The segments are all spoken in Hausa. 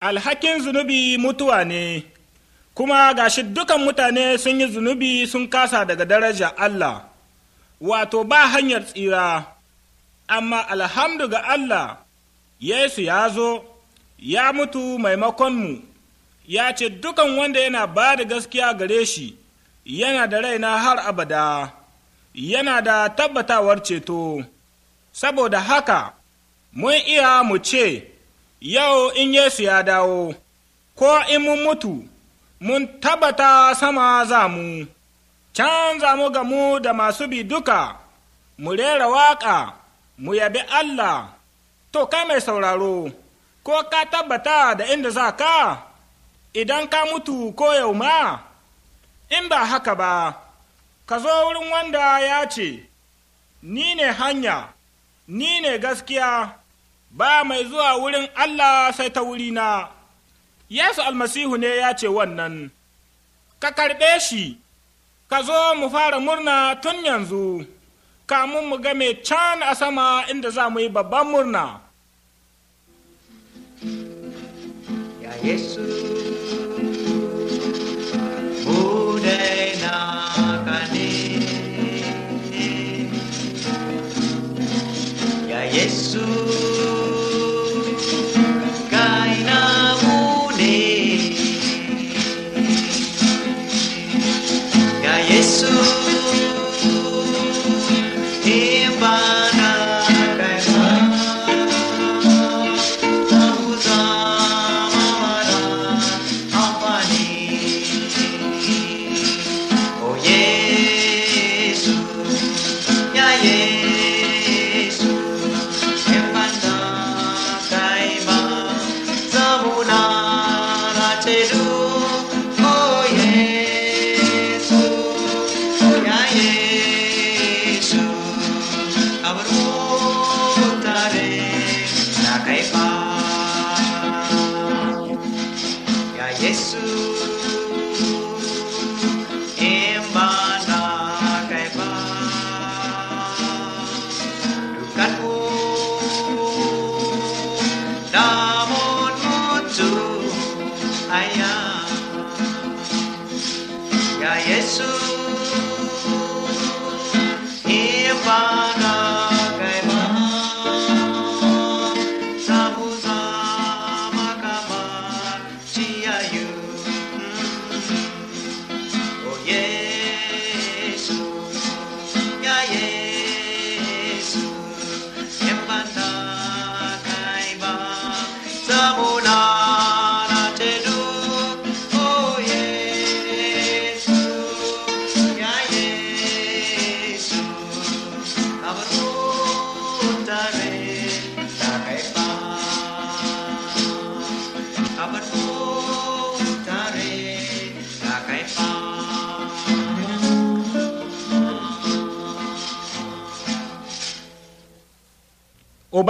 alhakin zunubi mutuwa ne kuma gashi dukan mutane sun yi zunubi sun kasa daga daraja Allah wato ba hanyar tsira amma alhamdu ga Allah Yesu ya zo ya mutu maimakonmu ya ce dukan wanda yana ba da gaskiya gare shi yana da raina har abada yana da tabbatawar ceto saboda haka mun iya mu ce yau in Yesu ya dawo, ko in mun mutu, mun tabbata sama za mu, can za mu gamu da masu bi duka, mu rera waƙa, mu yabi Allah, to kai mai sauraro, ko ka tabbata da inda za ka, idan ka mutu ko yau ma, in ba haka ba, ka zo wurin wanda ya ce, Ni ne hanya, ni ne gaskiya. ba mai zuwa wurin Allah sai ta wuri wurina, Yesu almasihu ne ya ce wannan, ka karɓe shi, ka zo mu fara murna tun yanzu, kamun mu game can a sama inda za mu yi babban murna. abrotaré la caipa. Ya Jesús en banda caipa. Lukaku namun mutu Ya yesu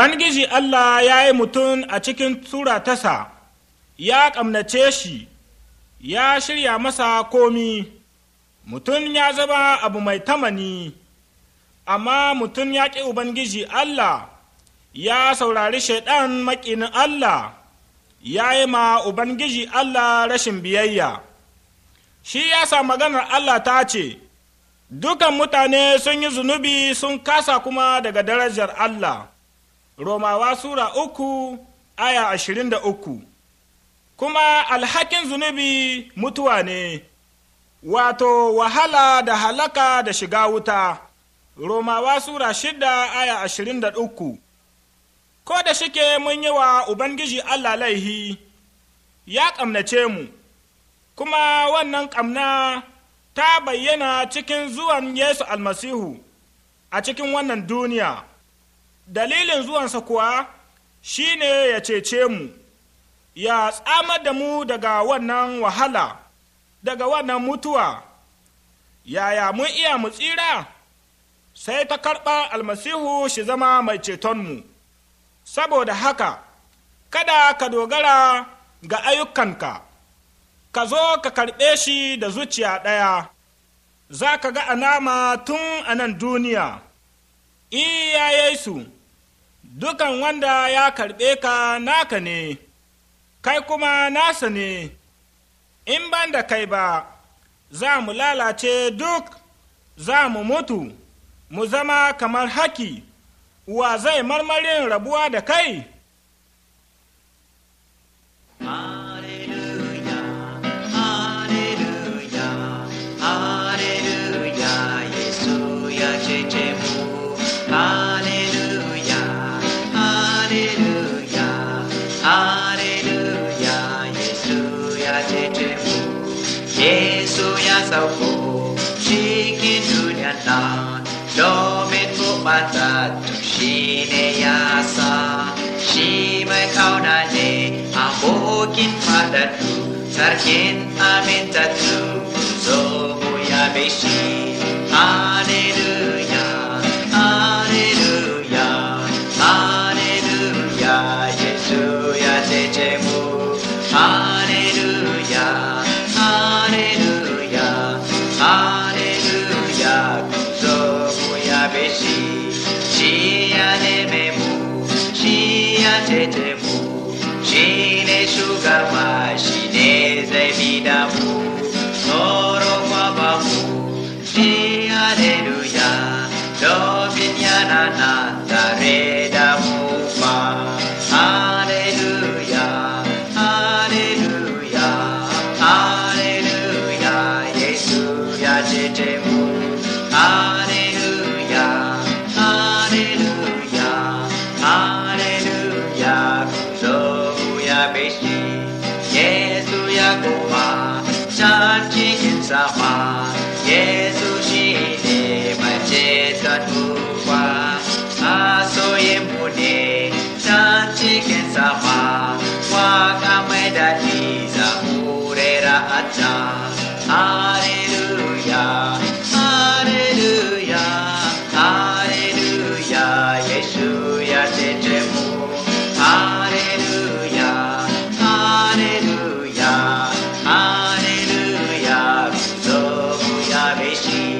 Ubangiji Allah ya yi mutum a cikin tura tasa, ya ƙamnace shi, ya shirya masa komi, mutum ya zama abu mai tamani, amma mutum ya ƙi Ubangiji Allah, ya saurari shaiɗan maƙinin Allah, ya yi ma Ubangiji Allah rashin biyayya. Shi ya sa maganar Allah ta ce, Dukan mutane sun yi zunubi sun kasa kuma daga darajar Allah. Romawa Sura uku aya ashirin da uku Kuma alhakin zunubi mutuwa ne, wato wahala da halaka da shiga wuta, Romawa Sura shida aya ashirin da uku Ko da shike mun yi wa Ubangiji Allah laihi, ya ƙamnace mu, kuma wannan ƙamna ta bayyana cikin zuwan Yesu almasihu a cikin wannan duniya. dalilin zuwansa kuwa shi ne ya cece mu ya tsamar da mu daga wannan wahala daga wannan mutuwa yaya mun iya mu tsira sai ta karɓa almasihu shi zama mai cetonmu saboda haka kada ka dogara ga ayyukanka ka zo ka karɓe shi da zuciya ɗaya za ka ga anama tun a nan duniya iya su. dukan wanda ya karɓe ka naka ne, kai kuma nasa ne, in ban da kai ba, za mu lalace duk, za mu mutu, mu zama kamar haki, wa zai marmarin rabuwa da kai?' dunia na, shikiduriana domin bukata tu shine yasa shi mai kauna ne pata tu, sarkin amintattu zo mu ya shi ah Thank you.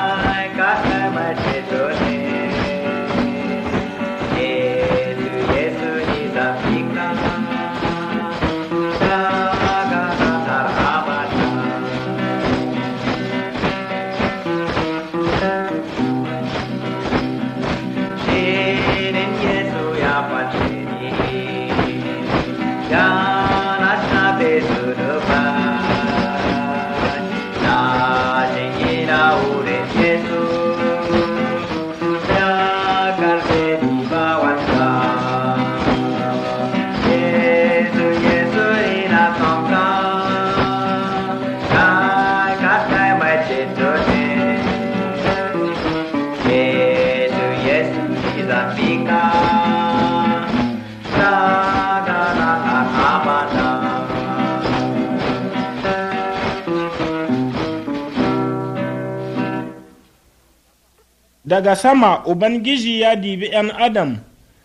daga sama ubangiji ya dibi ‘yan adam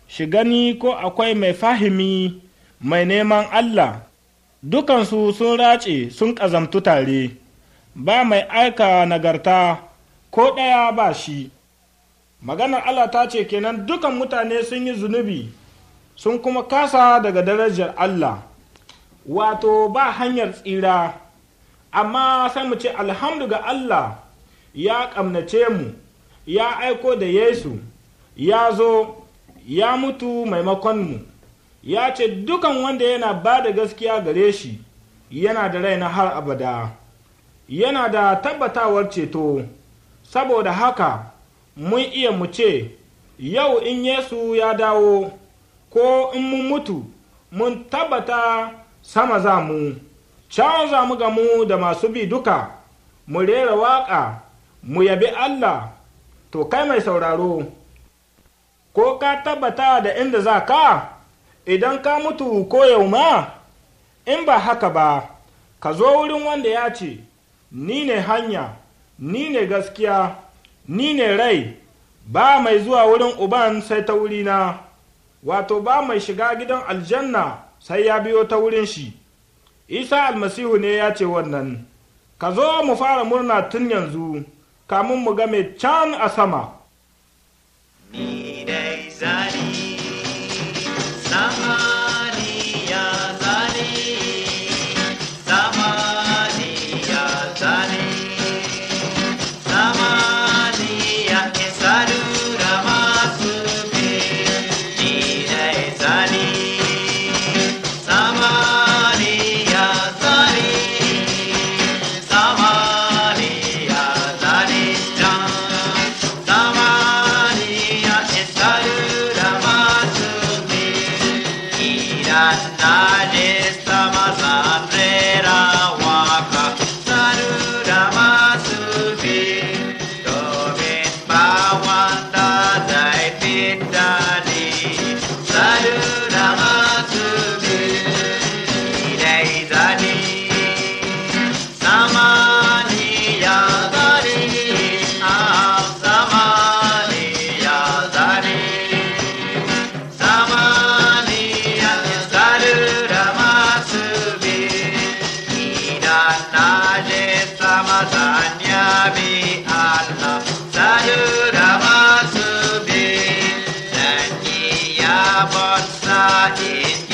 shi gani ko akwai mai fahimi mai neman Allah dukansu sun race sun ƙazamtu tare ba mai aika nagarta ko ɗaya ba shi maganar Allah ta ce kenan dukan mutane sun yi zunubi sun kuma kasa daga darajar Allah wato ba hanyar tsira amma sai mu ce alhamdu ga Allah ya ƙamnace mu ya aiko da yesu ya zo ya mutu maimakonmu ya ce dukan wanda yana ba da gaskiya gare shi yana da rai na har abada yana da tabbatawar ceto saboda haka mun iya mu ce yau in yesu ya dawo ko in mun mutu mun tabbata sama za mu can za mu gamu da masu bi duka mu rera waƙa mu yabi allah to kai mai sauraro ko ka tabbata da inda za ka idan ka mutu ko yau ma in ba haka ba ka zo wurin wanda ya ce ni ne hanya ni ne gaskiya ni ne rai ba mai zuwa wurin uban sai ta na. wato ba mai shiga gidan aljanna sai ya biyo ta wurin shi isa almasihu ne ya ce wannan ka zo mu fara murna tun yanzu kamun mu game can a sama Yeah.